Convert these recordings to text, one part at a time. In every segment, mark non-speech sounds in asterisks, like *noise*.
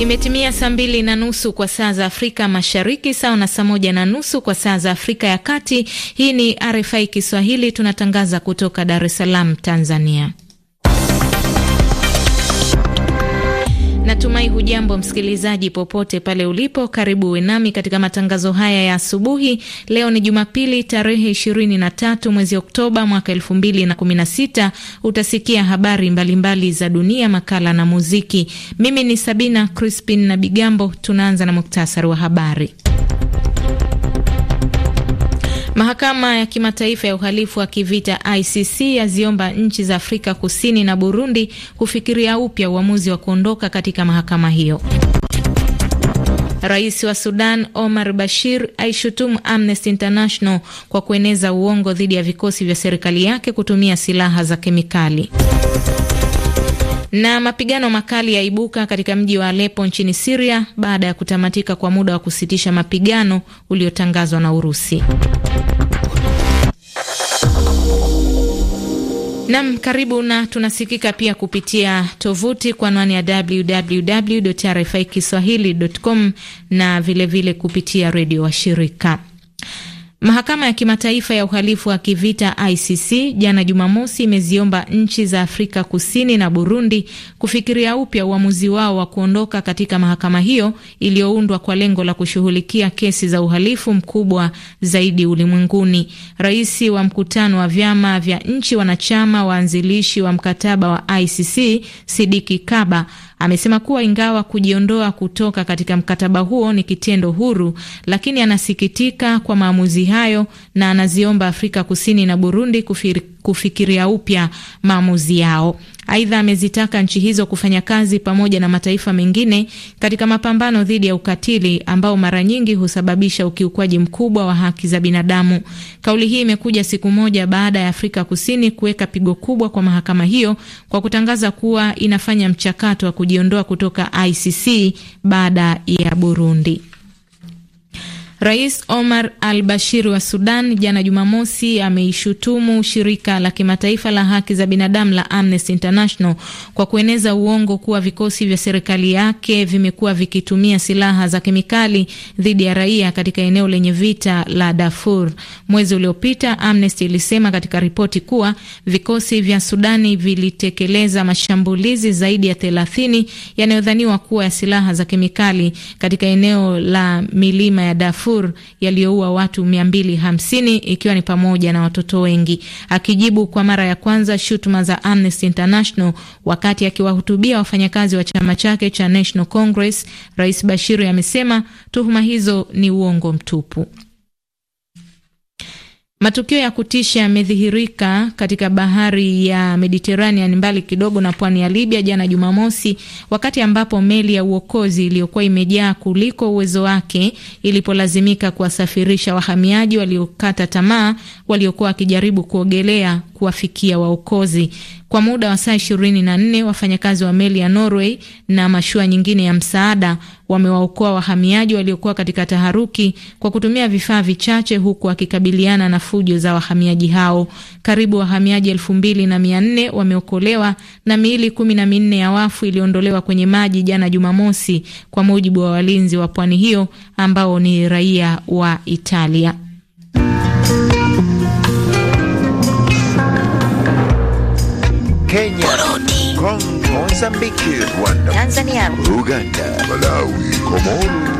Imetimia saa mbili na nusu kwa saa za Afrika Mashariki, sawa na saa moja na nusu kwa saa za Afrika ya Kati. Hii ni RFI Kiswahili, tunatangaza kutoka Dar es Salaam, Tanzania. Natumai hujambo msikilizaji, popote pale ulipo. Karibu uwe nami katika matangazo haya ya asubuhi. Leo ni Jumapili, tarehe 23 mwezi Oktoba mwaka 2016. Utasikia habari mbalimbali mbali za dunia, makala na muziki. Mimi ni Sabina Crispin na Bigambo. Tunaanza na muktasari wa habari. Mahakama ya Kimataifa ya Uhalifu wa Kivita ICC yaziomba nchi za Afrika Kusini na Burundi kufikiria upya uamuzi wa kuondoka katika mahakama hiyo. Rais wa Sudan Omar Bashir aishutumu Amnesty International kwa kueneza uongo dhidi ya vikosi vya serikali yake kutumia silaha za kemikali. Na mapigano makali yaibuka katika mji wa Alepo nchini Siria baada ya kutamatika kwa muda wa kusitisha mapigano uliotangazwa na Urusi. Nam, karibu na tunasikika pia kupitia tovuti kwa anwani ya www RFI kiswahili.com na vilevile vile kupitia redio washirika. Mahakama ya Kimataifa ya Uhalifu wa Kivita ICC jana Jumamosi imeziomba nchi za Afrika Kusini na Burundi kufikiria upya uamuzi wao wa kuondoka katika mahakama hiyo iliyoundwa kwa lengo la kushughulikia kesi za uhalifu mkubwa zaidi ulimwenguni. Rais wa mkutano wa vyama vya nchi wanachama waanzilishi wa mkataba wa ICC Sidiki Kaba Amesema kuwa ingawa kujiondoa kutoka katika mkataba huo ni kitendo huru, lakini anasikitika kwa maamuzi hayo na anaziomba Afrika Kusini na Burundi kufikiria upya maamuzi yao. Aidha, amezitaka nchi hizo kufanya kazi pamoja na mataifa mengine katika mapambano dhidi ya ukatili ambao mara nyingi husababisha ukiukwaji mkubwa wa haki za binadamu. Kauli hii imekuja siku moja baada ya Afrika Kusini kuweka pigo kubwa kwa mahakama hiyo kwa kutangaza kuwa inafanya mchakato wa kujiondoa kutoka ICC baada ya Burundi. Rais Omar al Bashir wa Sudan jana Jumamosi ameishutumu shirika la kimataifa la haki za binadamu la Amnesty International kwa kueneza uongo kuwa vikosi vya serikali yake vimekuwa vikitumia silaha za kemikali dhidi ya raia katika eneo lenye vita la Darfur. Mwezi uliopita, Amnesty ilisema katika ripoti kuwa vikosi vya Sudani vilitekeleza mashambulizi zaidi ya thelathini yanayodhaniwa kuwa ya silaha za kemikali katika eneo la milima ya Darfur Darfur yaliyoua watu 250 ikiwa ni pamoja na watoto wengi. Akijibu kwa mara ya kwanza shutuma za Amnesty International wakati akiwahutubia wafanyakazi wa chama chake cha National Congress, Rais Bashiri amesema tuhuma hizo ni uongo mtupu. Matukio ya kutisha yamedhihirika katika bahari ya Mediterranean mbali kidogo na pwani ya Libya jana Jumamosi, wakati ambapo meli ya uokozi iliyokuwa imejaa kuliko uwezo wake ilipolazimika kuwasafirisha wahamiaji waliokata tamaa waliokuwa wakijaribu kuogelea kuwafikia waokozi. Kwa muda wa saa nne wafanyakazi wa meli ya Norway na mashua nyingine ya msaada wamewaokoa wahamiaji waliokuwa katika taharuki kwa kutumia vifaa vichache, huku wakikabiliana na fujo za wahamiaji hao. Karibu wahamiaji elfu mbili na mia nne wameokolewa na miili kumi na minne ya wafu iliondolewa kwenye maji jana Jumamosi, kwa mujibu wa walinzi wa pwani hiyo ambao ni raia wa Italia. Kenya, Burundi, Congo, Mozambiki, Rwanda, Tanzania, Uganda, Malawi, Komoro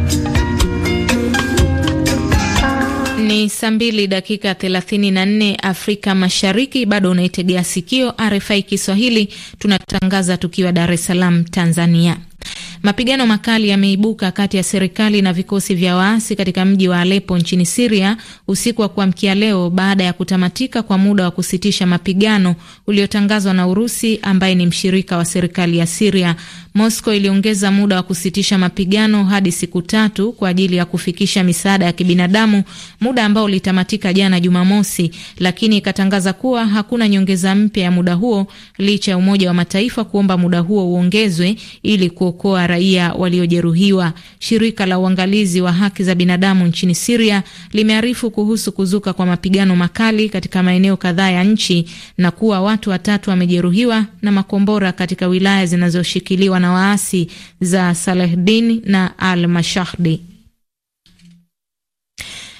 Ni saa mbili dakika 34 Afrika Mashariki. Bado unaitegea sikio RFI Kiswahili, tunatangaza tukiwa Dar es Salaam, Tanzania. Mapigano makali yameibuka kati ya serikali na vikosi vya waasi katika mji wa Alepo nchini Siria usiku wa kuamkia leo baada ya kutamatika kwa muda wa kusitisha mapigano uliotangazwa na Urusi ambaye ni mshirika wa serikali ya Siria. Moscow iliongeza muda wa kusitisha mapigano hadi siku tatu kwa ajili ya kufikisha misaada ya kibinadamu, muda ambao ulitamatika jana Jumamosi, lakini ikatangaza kuwa hakuna nyongeza mpya ya muda huo licha ya Umoja wa Mataifa kuomba muda huo uongezwe ili kuokoa raia waliojeruhiwa. Shirika la uangalizi wa haki za binadamu nchini Siria limearifu kuhusu kuzuka kwa mapigano makali katika maeneo kadhaa ya nchi na kuwa watu watatu wamejeruhiwa na makombora katika wilaya zinazoshikiliwa na waasi za Salahdin na al Mashahdi.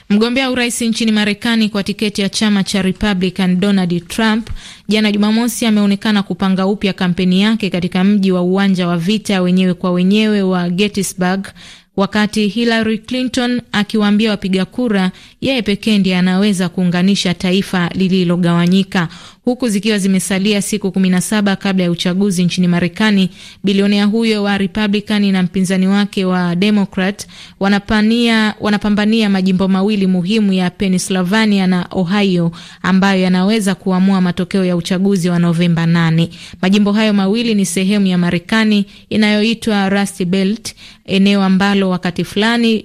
Mgombea urais nchini Marekani kwa tiketi ya chama cha Republican Donald Trump jana Jumamosi ameonekana kupanga upya kampeni yake katika mji wa uwanja wa vita wenyewe kwa wenyewe wa Gettysburg, wakati Hillary Clinton akiwaambia wapiga kura yeye pekee ndiye anaweza kuunganisha taifa lililogawanyika huku zikiwa zimesalia siku kumi na saba kabla ya uchaguzi nchini Marekani. Bilionea huyo wa Republican na mpinzani wake wa Democrat wanapania, wanapambania majimbo mawili muhimu ya Pennsylvania na Ohio ambayo yanaweza kuamua matokeo ya uchaguzi wa Novemba 8. Majimbo hayo mawili ni sehemu ya Marekani inayoitwa Rust Belt, eneo ambalo wakati fulani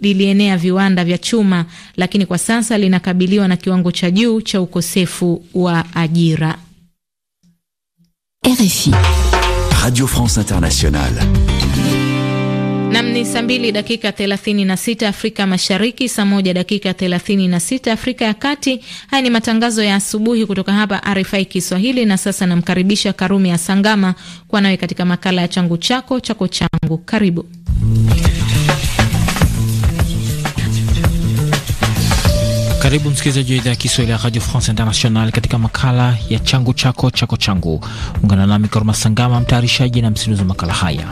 lilienea viwanda vya chuma, lakini kwa sasa linakabiliwa na kiwango cha juu cha ukosefu wa ajira. RFI Radio France Internationale. Nam ni saa mbili dakika 36 Afrika Mashariki, saa moja dakika 36 Afrika ya Kati. Haya ni matangazo ya asubuhi kutoka hapa RFI Kiswahili, na sasa namkaribisha Karume ya Sangama nawe katika makala ya changu chako chako changu. Karibu. Karibu msikilizaji wa idhaa ya Kiswahili ya Radio France International katika makala ya changu chako chako changu. Ungana nami Karuma Sangama, mtayarishaji na msinduzi wa makala haya.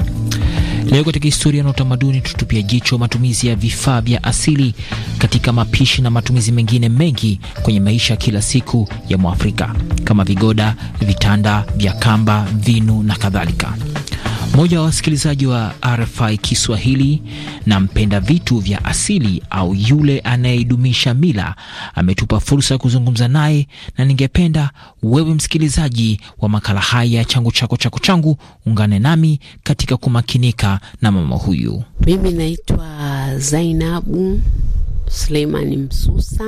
Leo katika historia na utamaduni, tutupia jicho matumizi ya vifaa vya asili katika mapishi na matumizi mengine mengi kwenye maisha kila siku ya Mwafrika, kama vigoda, vitanda vya kamba, vinu na kadhalika. Mmoja wa wasikilizaji wa RFI Kiswahili na mpenda vitu vya asili au yule anayeidumisha mila ametupa fursa ya kuzungumza naye, na ningependa wewe msikilizaji wa makala haya ya changu chako chako changu, ungane nami katika kumakinika na mama huyu. Mimi naitwa Zainabu Suleimani Msusa,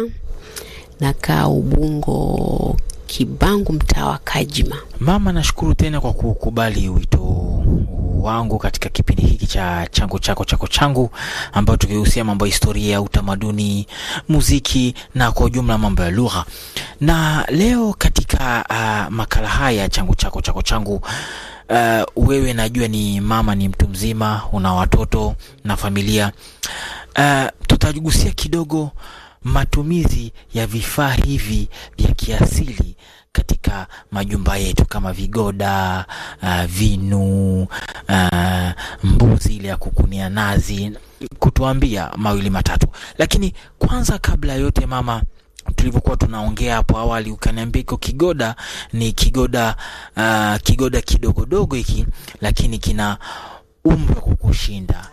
nakaa Ubungo Kibangu, mtaa wa Kajima. Mama, nashukuru tena kwa kukubali wito wangu katika kipindi hiki cha changu chako chako changu, ambayo tukihusia mambo ya historia, utamaduni, muziki na kwa ujumla mambo ya lugha. Na leo katika uh, makala haya changu chako chako changu uh, wewe najua ni mama, ni mtu mzima, una watoto na familia uh, tutagusia kidogo matumizi ya vifaa hivi vya kiasili katika majumba yetu kama vigoda, uh, vinu, uh, mbuzi ile ya kukunia nazi, kutuambia mawili matatu. Lakini kwanza kabla yote, mama tulivyokuwa tunaongea hapo awali, ukaniambia iko kigoda ni kigoda uh, kigoda kidogodogo hiki, lakini kina umri wa kukushinda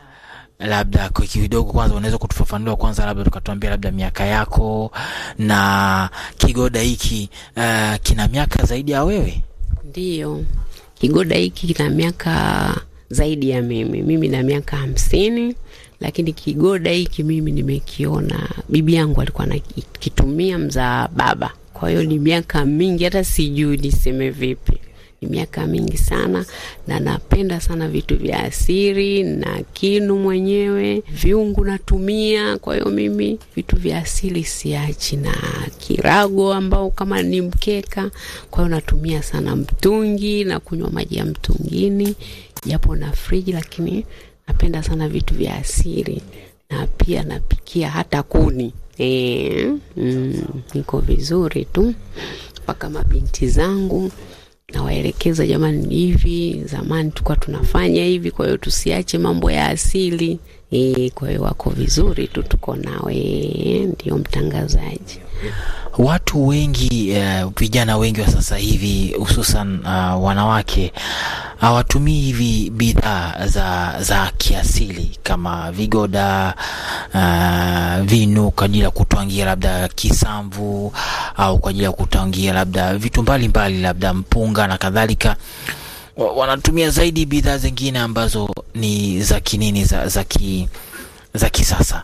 labda kidogo kwanza, unaweza kutufafanua kwanza, labda tukatuambia labda miaka yako na kigoda hiki uh, kina miaka zaidi ya wewe? ndio kigoda hiki kina miaka zaidi ya mimi. Mimi na miaka hamsini, lakini kigoda hiki mimi nimekiona, bibi yangu alikuwa anakitumia mzaa baba, kwa hiyo ni miaka mingi, hata sijui niseme vipi miaka mingi sana, na napenda sana vitu vya asili na kinu mwenyewe viungu natumia. Kwa hiyo mimi vitu vya asili siachi, na kirago ambao kama ni mkeka, kwa hiyo natumia sana mtungi na kunywa maji ya mtungini, japo na friji, lakini napenda sana vitu vya asili na pia napikia hata kuni e, mm, niko vizuri tu mpaka mabinti zangu nawaelekeza, jamani, hivi zamani tulikuwa tunafanya hivi, kwa hiyo tusiache mambo ya asili. E, kwa hiyo wako vizuri tu, tuko nawe. Eh, ndio mtangazaji. Watu wengi uh, vijana wengi wa sasa hivi hususan uh, wanawake hawatumii uh, hivi bidhaa za, za kiasili kama vigoda uh, vinu kwa ajili ya kutwangia labda kisamvu au kwa ajili ya kutwangia labda vitu mbalimbali mbali, labda mpunga na kadhalika wanatumia zaidi bidhaa zingine ambazo ni za kinini za, za, ki, za kisasa.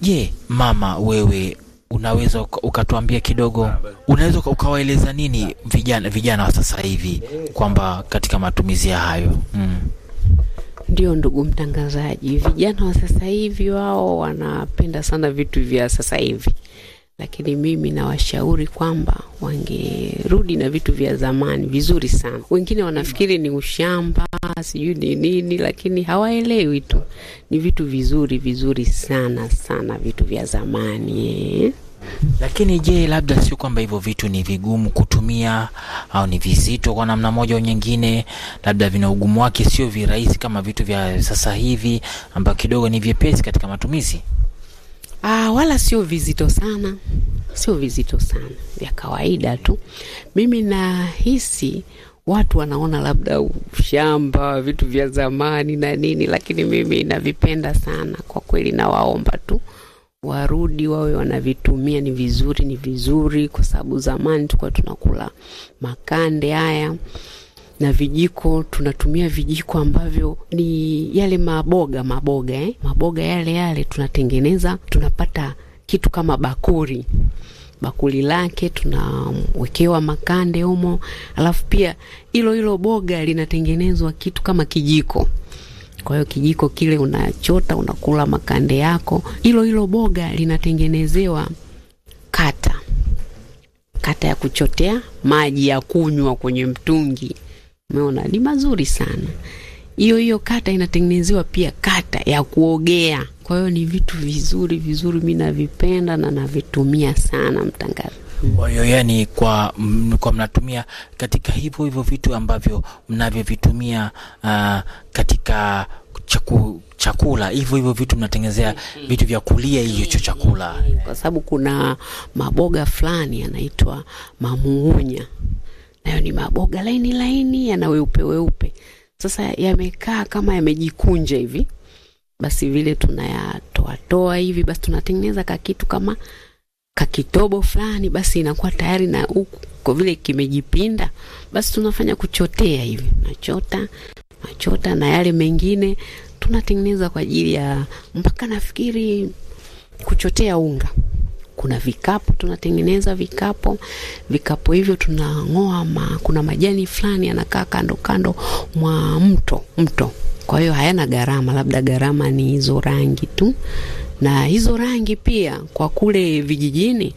Je, mama wewe unaweza ukatuambia kidogo, unaweza ukawaeleza nini vijana vijana wa sasa hivi kwamba katika matumizi ya hayo mm. Ndio ndugu mtangazaji, vijana wa sasa hivi wao wanapenda sana vitu vya sasa hivi, lakini mimi nawashauri kwamba wangerudi na vitu vya zamani vizuri sana. Wengine wanafikiri ni ushamba, sijui ni nini, lakini hawaelewi tu, ni vitu vizuri vizuri sana sana, vitu vya zamani. Eh? Lakini je, labda sio kwamba hivyo vitu ni vigumu kutumia au ni vizito kwa namna moja au nyingine, labda vina ugumu wake, sio virahisi kama vitu vya sasa hivi ambayo kidogo ni vyepesi katika matumizi? Ah, wala sio vizito sana, sio vizito sana, vya kawaida tu. Mimi nahisi watu wanaona labda ushamba, vitu vya zamani na nini, lakini mimi navipenda sana kwa kweli. Nawaomba tu warudi wawe wanavitumia, ni vizuri, ni vizuri, kwa sababu zamani tulikuwa tunakula makande haya na vijiko tunatumia vijiko ambavyo ni yale maboga maboga eh? maboga yale yale tunatengeneza, tunapata kitu kama bakuri bakuli lake tunawekewa makande humo, alafu pia hilo hilo boga linatengenezwa kitu kama kijiko. Kwa hiyo kijiko kile unachota, unakula makande yako. Hilo hilo boga linatengenezewa kata, kata ya kuchotea maji ya kunywa kwenye mtungi. Umeona, ni mazuri sana. Hiyo hiyo kata inatengenezewa pia kata ya kuogea. Kwa hiyo ni vitu vizuri vizuri, mi navipenda na navitumia sana, mtangazi. Kwa hiyo yani, kwa kwa mnatumia katika hivyo hivyo vitu ambavyo mnavyovitumia uh, katika chaku, chakula hivyo hivyo vitu mnatengenezea vitu vya kulia hicho chakula, kwa sababu kuna maboga fulani yanaitwa mamuunya nayo ni maboga laini laini, yana weupe weupe, sasa yamekaa kama yamejikunja hivi, basi vile tunayatoatoa hivi, basi tunatengeneza kakitu kama kakitobo fulani, basi inakuwa tayari na huku kwa vile kimejipinda, basi tunafanya kuchotea hivi, nachota nachota, na yale mengine tunatengeneza kwa ajili ya mpaka nafikiri kuchotea unga kuna vikapu tunatengeneza vikapu. Vikapu hivyo tunang'oa ma, kuna majani fulani yanakaa kando kando mwa mto mto, kwa hiyo hayana gharama, labda gharama ni hizo rangi tu, na hizo rangi pia kwa kule vijijini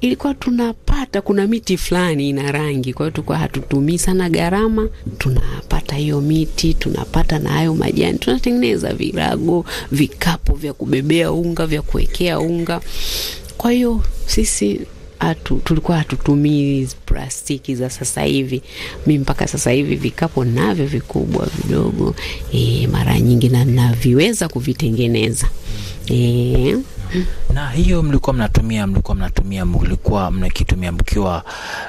ilikuwa tunapata kuna miti fulani ina rangi, kwa hiyo tulikuwa hatutumii sana gharama. Tunapata hiyo miti, tunapata na hayo majani, tunatengeneza virago, vikapu vya kubebea unga, vya kuwekea unga. Kwa hiyo sisi atu, tulikuwa hatutumii plastiki za sasa hivi. Mi mpaka sasa hivi vikapo navyo vikubwa vidogo, e, mara nyingi na naviweza kuvitengeneza e. Na hiyo mlikuwa mnatumia mlikuwa mnatumia mlikuwa mnakitumia mkiwa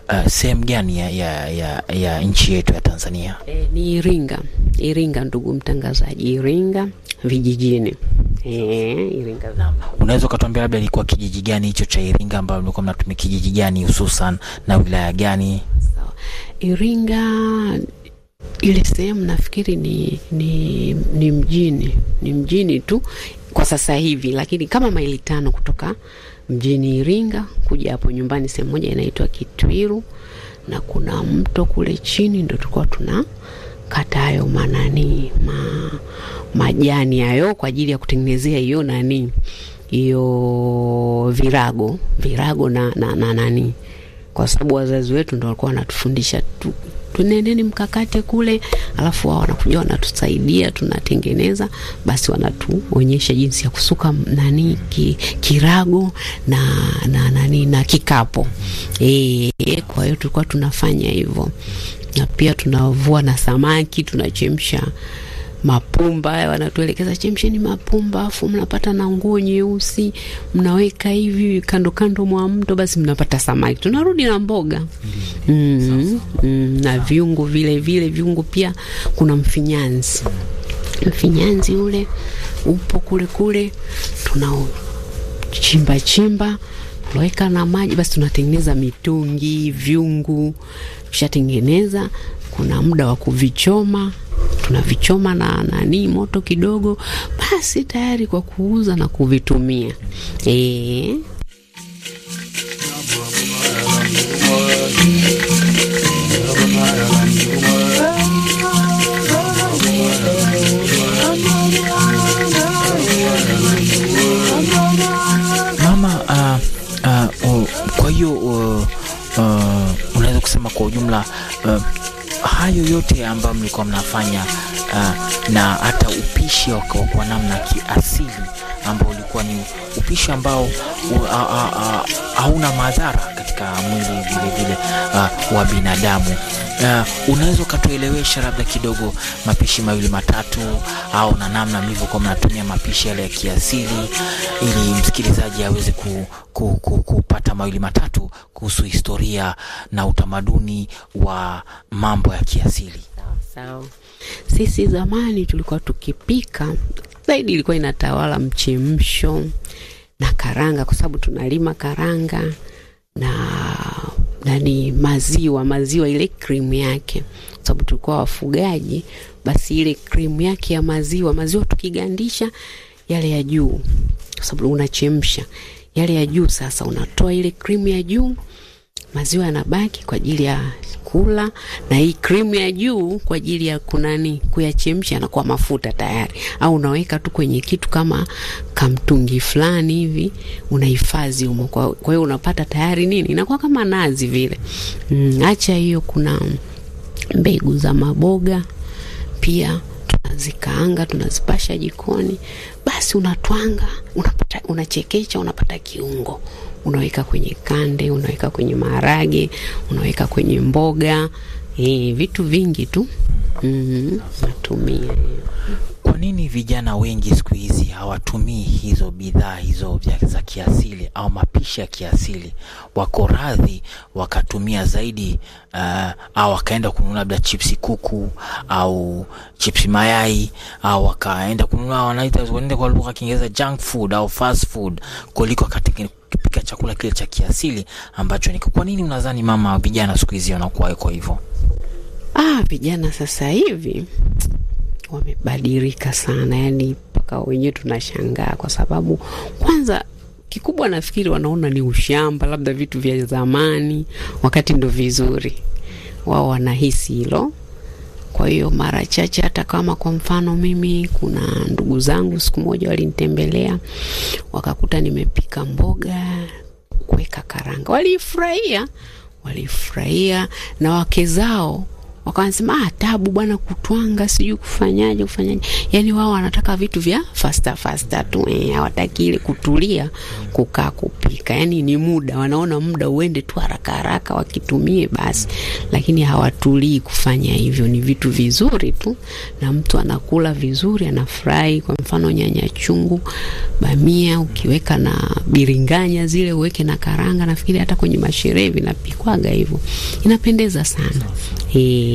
uh, sehemu gani ya, ya, ya, ya nchi yetu ya Tanzania? E, ni Iringa. Iringa, ndugu mtangazaji, Iringa vijijini. E, Iringa. Unaweza ukatuambia labda ilikuwa kijiji gani hicho cha Iringa ambayo mlikuwa mnatumia, kijiji gani hususan na wilaya gani? So, Iringa ile sehemu nafikiri ni, ni, ni mjini ni mjini tu kwa sasa hivi, lakini kama maili tano kutoka mjini Iringa kuja hapo nyumbani, sehemu moja inaitwa Kitwiru na kuna mto kule chini, ndo tulikuwa tuna kata hayo manani ma, majani hayo kwa ajili ya kutengenezea hiyo nani hiyo virago virago na, na, na nani, kwa sababu wazazi wetu ndo walikuwa wanatufundisha tu tunaendeni mkakate kule, alafu wao wanakuja wanatusaidia, tunatengeneza, basi wanatuonyesha jinsi ya kusuka nani ki, kirago na na nani na kikapo e, kwa hiyo tulikuwa tunafanya hivyo, na pia tunavua na samaki tunachemsha mapumba haya, wanatuelekeza chemsheni mapumba, afu mnapata na nguo nyeusi, mnaweka hivi kando kando mwa mto, basi mnapata samaki. Tunarudi na mboga mm, mm, mm, na viungo vile vile. Viungo pia kuna mfinyanzi, mfinyanzi ule upo kule kule, tunachimba chimba tunaweka na maji, basi tunatengeneza mitungi, vyungu. Ukishatengeneza kuna muda wa kuvichoma tunavichoma na nani moto kidogo, basi tayari kwa kuuza na kuvitumia e. Mama, uh, uh, kwa hiyo uh, uh, unaweza kusema kwa ujumla uh, hayo yote ambayo mlikuwa mnafanya uh, na hata upishi kwa namna kiasili ambao ulikuwa ni upishi ambao hauna madhara katika mwili vile vile uh, wa binadamu uh, unaweza ukatuelewesha labda kidogo mapishi mawili matatu, au na namna mlivyokuwa mnatumia mapishi yale ya kiasili, ili msikilizaji aweze ku, ku, ku, kupata mawili matatu kuhusu historia na utamaduni wa mambo ya kiasili? Sawa, sisi zamani tulikuwa tukipika zaidi, ilikuwa inatawala mchemsho na karanga, kwa sababu tunalima karanga na nani maziwa maziwa, ile krimu yake, kwa sababu tulikuwa wafugaji, basi ile krimu yake ya maziwa maziwa tukigandisha yale ya juu, kwa sababu unachemsha yale ya juu. Sasa unatoa ile krimu ya juu maziwa yanabaki kwa ajili ya kula, na hii krimu ya juu kwa ajili ya kunani, kuyachemsha na kwa mafuta tayari, au unaweka tu kwenye kitu kama kamtungi fulani hivi, unahifadhi humo. Kwa hiyo unapata tayari nini, inakuwa kama nazi vile. Mm, acha hiyo, kuna mbegu za maboga pia tunazikaanga tunazipasha jikoni, basi unatwanga, unapata unachekecha, unapata kiungo unaweka kwenye kande, unaweka kwenye maharage, unaweka kwenye mboga e, vitu vingi tu mm, natumia. Kwa nini vijana wengi siku hizi hawatumii hizo bidhaa hizo za kiasili au mapishi ya kiasili? Wako radhi wakatumia zaidi uh, au wakaenda kununua labda chipsi kuku au chipsi mayai au wakaenda kununua wanaita, wanaita kwa lugha ya Kiingereza junk food au fast food kuliko kupika chakula kile cha kiasili ambacho ni kwa nini unadhani mama wa vijana siku hizi wanakuwa iko hivyo? Ah, vijana sasa hivi wamebadilika sana, yani mpaka wenyewe tunashangaa, kwa sababu kwanza kikubwa nafikiri wanaona ni ushamba, labda vitu vya zamani wakati ndo vizuri, wao wanahisi hilo kwa hiyo mara chache, hata kama kwa mfano mimi, kuna ndugu zangu siku moja walinitembelea wakakuta nimepika mboga kuweka karanga, walifurahia walifurahia na wake zao wakawansema ah, tabu bwana, kutwanga sijui kufanyaje kufanyaje. Yani wao wanataka vitu vya fasta fasta tu, eh, hawataki ile kutulia, kukaa, kupika. Yani ni muda, wanaona muda uende tu haraka haraka wakitumie basi, lakini hawatulii kufanya hivyo. Ni vitu vizuri tu, na mtu anakula vizuri, anafurahi. Kwa mfano nyanya chungu, bamia, ukiweka na biringanya zile, uweke na karanga. Nafikiri hata kwenye masherehe vinapikwaga hivyo, inapendeza sana eh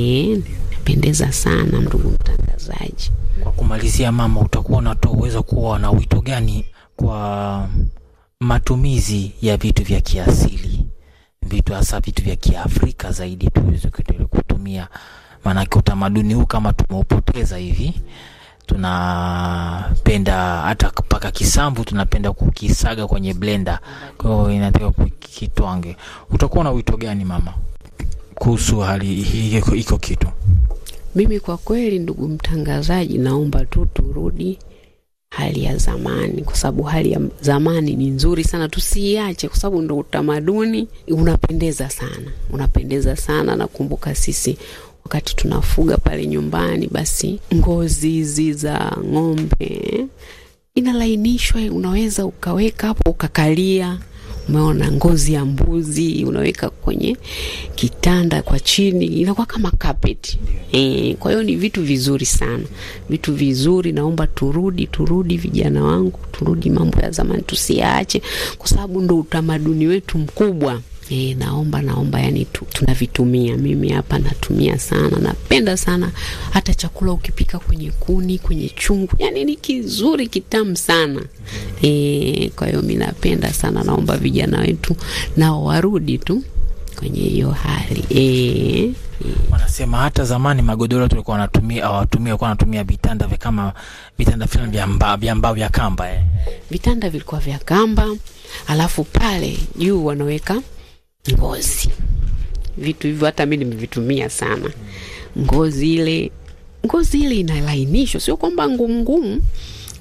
pendeza sana ndugu mtangazaji. Kwa kumalizia, mama, utakuwa unatoa uwezo kuwa na wito gani kwa matumizi ya vitu vya kiasili, vitu hasa vitu vya Kiafrika zaidi tuweze kutumia, maanake utamaduni huu kama tumeupoteza hivi tunapenda hata mpaka kisamvu tunapenda kukisaga kwenye blender, kwa hiyo inatakiwa kukitwange. Utakuwa na wito gani mama? kuhusu hali hii iko, kitu. Mimi kwa kweli, ndugu mtangazaji, naomba tu turudi hali ya zamani, kwa sababu hali ya zamani ni nzuri sana, tusiiache, kwa sababu ndo utamaduni unapendeza sana, unapendeza sana. Nakumbuka sisi wakati tunafuga pale nyumbani, basi ngozi hizi za ng'ombe inalainishwa, unaweza ukaweka hapo ukakalia umeona, ngozi ya mbuzi unaweka kwenye kitanda kwa chini, inakuwa kama carpet e. Kwa hiyo ni vitu vizuri sana, vitu vizuri. Naomba turudi, turudi vijana wangu, turudi mambo ya zamani, tusiyaache, kwa sababu ndo utamaduni wetu mkubwa. E, naomba naomba, yani tu, tunavitumia. Mimi hapa natumia sana, napenda sana hata chakula ukipika kwenye kuni, kwenye chungu, yani ni kizuri kitamu sana e, kwa hiyo mi napenda sana, naomba vijana wetu nao warudi tu kwenye hiyo hali e. e. Wanasema hata zamani magodoro tulikuwa wanatumia awatumia walikuwa wanatumia vitanda vya kama vitanda fulani vya mbao vya mbao vya kamba eh. Vitanda vilikuwa vya kamba, alafu pale juu wanaweka ngozi, vitu hivyo. Hata mi nimevitumia sana, ngozi ile ngozi ile inalainishwa, sio kwamba ngumu ngumu,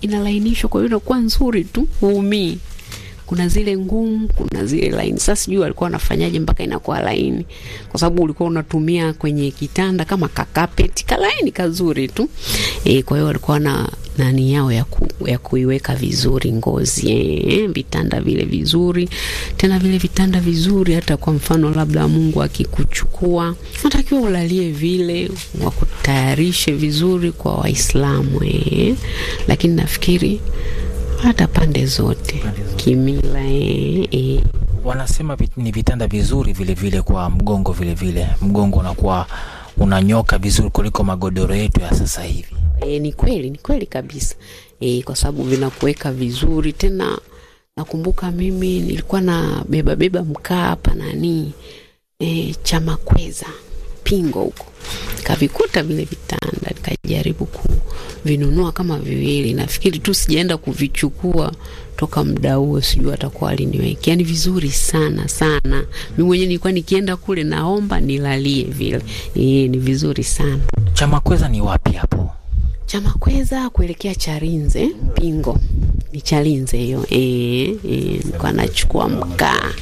inalainishwa, kwa hiyo inakuwa nzuri tu, huumii kuna zile ngumu, kuna zile laini. Sasa sijui alikuwa anafanyaje mpaka inakuwa laini, kwa sababu ulikuwa unatumia kwenye kitanda kama kakapeti kalaini kazuri tu e, kwa hiyo alikuwa na nani yao ya, ku, ya kuiweka vizuri ngozi eh, vitanda vile vizuri, tena vile vitanda vizuri. Hata kwa mfano labda Mungu akikuchukua, unatakiwa ulalie vile, wakutayarishe vizuri kwa Waislamu eh, lakini nafikiri hata pande zote, zote. Kimila eh, e. Wanasema ni vitanda vizuri vile vile kwa mgongo vile vile, mgongo unakuwa unanyoka vizuri kuliko magodoro yetu ya sasa hivi. E, ni kweli, ni kweli kabisa e, kwa sababu vinakuweka vizuri tena. Nakumbuka mimi nilikuwa na beba beba mkaa hapa nani e, cha makweza pingo huko kavikuta vile vitanda, nikajaribu kuvinunua kama viwili, nafikiri tu sijaenda kuvichukua toka muda huo, sijui atakuwa aliniweka. Yani vizuri sana sana, mi mwenyewe nilikuwa nikienda kule naomba nilalie vile. E, ni vizuri sana. Chamakweza ni wapi hapo? Chamakweza kuelekea charinze pingo ni Charinze hiyo. E, e, nilikuwa nachukua mkaa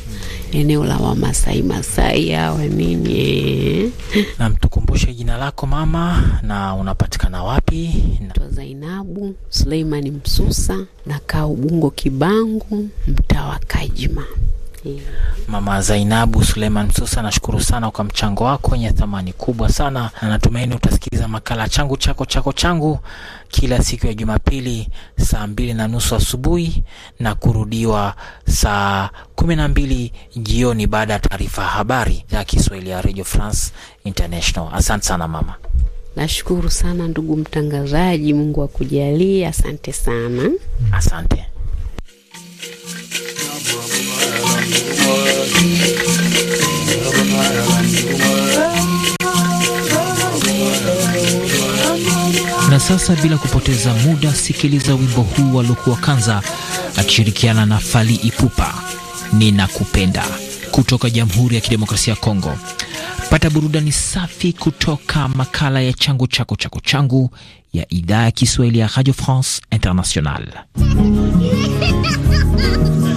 eneo la Wamasai Masai hawa nini. Na mtukumbushe jina lako mama, na unapatikana wapi? Na... Zainabu Suleimani Msusa, nakaa Ubungo Kibangu, mtaa wa Kajima. Mama Zainabu Suleiman Msusa, nashukuru sana kwa mchango wako wenye thamani kubwa sana, na natumaini utasikiliza makala changu chako chako changu kila siku ya Jumapili saa mbili na nusu asubuhi na kurudiwa saa kumi na mbili jioni baada ya taarifa ya habari ya Kiswahili ya Radio France International. Asante sana mama. Nashukuru sana ndugu mtangazaji, Mungu akujalie. Asante sana, asante. Na sasa bila kupoteza muda, sikiliza wimbo huu wa Lukua Kanza akishirikiana na fali Ipupa, Ninakupenda, kutoka Jamhuri ya Kidemokrasia ya Kongo. Pata burudani safi kutoka makala ya Changu Chako Chako Changu ya idhaa ya Kiswahili ya Radio France international *laughs*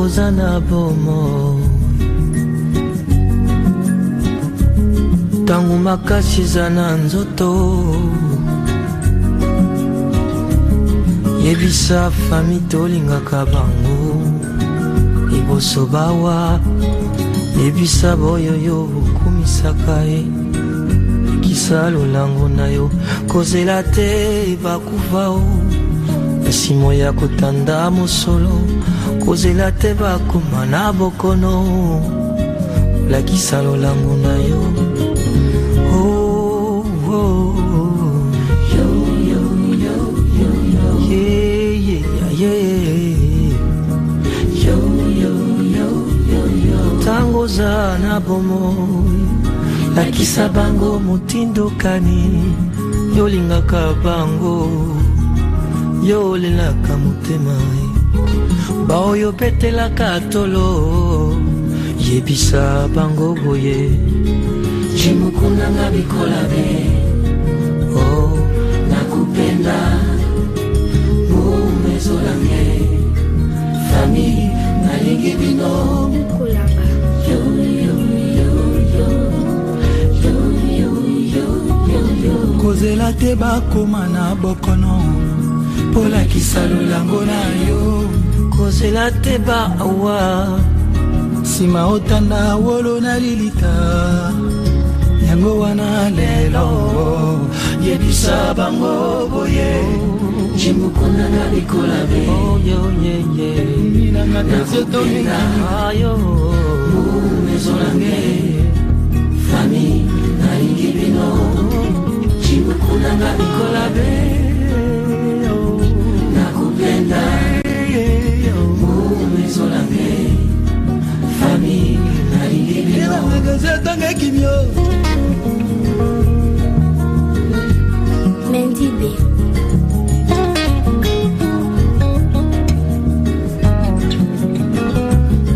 koza na bomo ntango makasi eza na nzoto yebisa fami tolingaka bango liboso bawa yebisa boyoyo bokumisaka ye kisa lolango na yo kozela te bakufa o nsimo ya kotanda mosolo kozela te bakoma na bokono kolakisa lolango na yo oh, oh, oh. Yeah, yeah, yeah, ntango oza na bomoi lakisa bango motindokani yolingaka bango yo olelaka motema baoyo obetelaka tolo yebisa bango boye jimukunanga bikolabe oh. nakupenda mumezolange fami nalingi bino kozela te bakoma na bokono polakisa lolango na yo kozela te baawa nsima otanda wolo na lilita yango wana lelo yebisa bango boye jimbukunda na likolabe nakopenda mumezonange fami nalingi bino jimbukunda na likolabe magasi atanga ekimio mendibe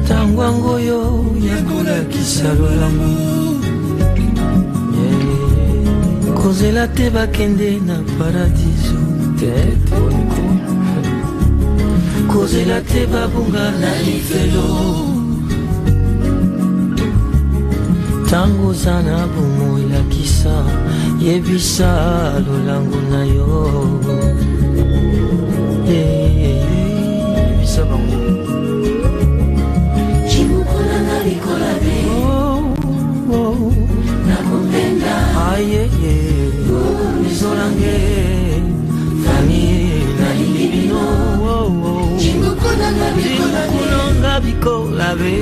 ntango yango oyo yakolakisa lolambo eh, kozela te bakende na paradiso kozela te babunga na lifelo ntango oza na bomo elakisa yebisa lolango na yo yebisa bango kimukolanga likola be oh, oh, oh. nakopenda ayeye ah, mizolange fami nalingi bino kimukolanga bikola be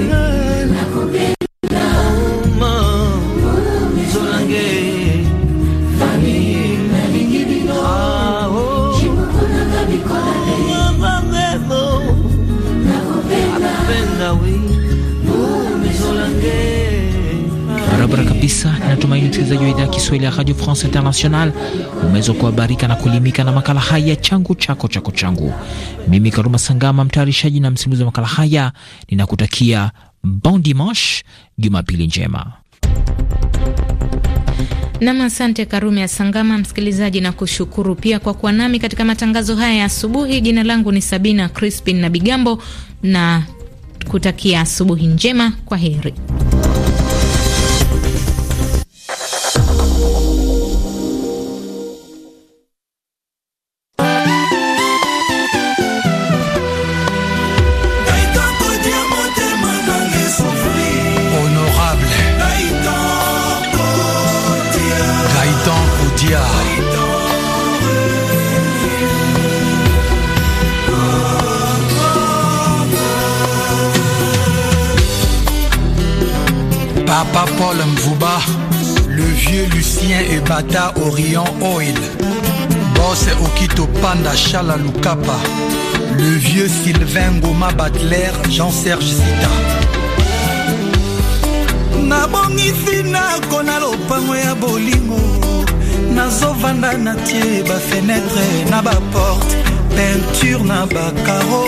kabisa. Natumaini msikilizaji wa idhaa ya Kiswahili ya Radio France International umeweza kuhabarika na kuelimika na makala haya changu chako chako changu. Mimi Karuma Sangama, mtayarishaji na msimulizi wa makala haya, ninakutakia bon dimanche, jumapili njema. Nam, asante Karume ya Sangama. Msikilizaji na kushukuru pia kwa kuwa nami katika matangazo haya ya asubuhi. Jina langu ni Sabina Crispin na Bigambo, na kutakia asubuhi njema. Kwa heri. Papa Paul Mvouba, le vieux Lucien et Bata Orion Oil, Boss Okito Panda Chala Lukapa, le vieux Sylvain Goma batler Jean-Serge Zita. nabongisi fina na bolimo nazovanda na tie bafenetre na baporte peinture na bakaro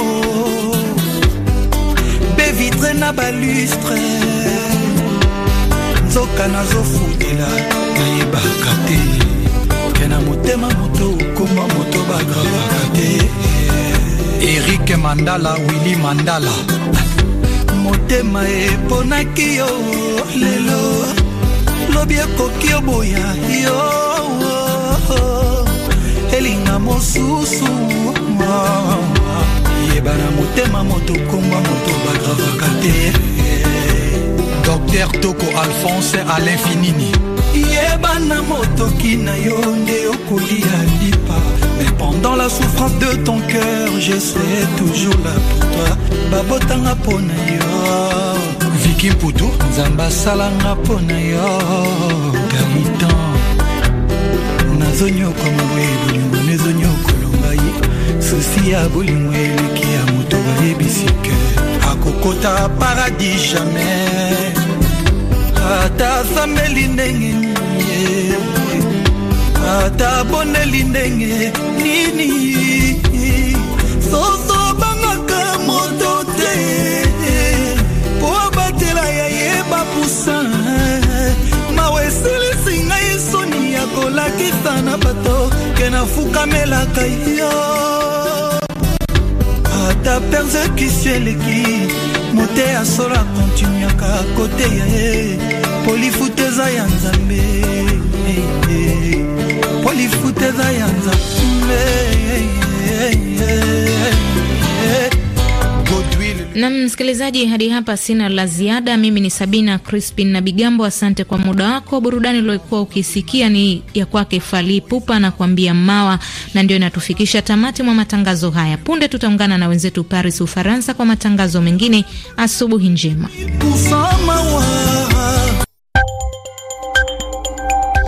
bevitre na balustre nzoka nazofutela nayebaka te ke na motema moto okoma moto bagravaka te erike mandala wili mandala motema eponaki yo lelo lobi ekoki oboya yo elinga mosusu yeba na motema moto komba moto bagravaka te dr toko alphonse alain finini yeba na motoki na yo nde okolia lipa mais pendant la souffrance de ton cœur je serai toujours là pour toi babotanga mpo na yo viki Poudou nzambe asalanga mpo na yo gamitan nazonyoka mawe bolingo nezonyokolonga ye susi ya bolingo eleki ya moto bayebisi ke akokota paradis jamai ata asambeli ndenge ata aboneli ndenge nini kobebisa na bato ke nafukamelaka yo ata persekisi eleki mote ya solo akontinuaka kote ya ye polifutu eza ya nzambe eh, eh. polifutu eza ya nzambe godwi eh, Na msikilizaji, hadi hapa sina la ziada. Mimi ni Sabina Crispin na Bigambo, asante kwa muda wako. Burudani uliokuwa ukisikia ni ya kwake Fali pupa na kuambia mawa, na ndio inatufikisha tamati mwa matangazo haya. Punde tutaungana na wenzetu Paris, Ufaransa, kwa matangazo mengine. Asubuhi njema.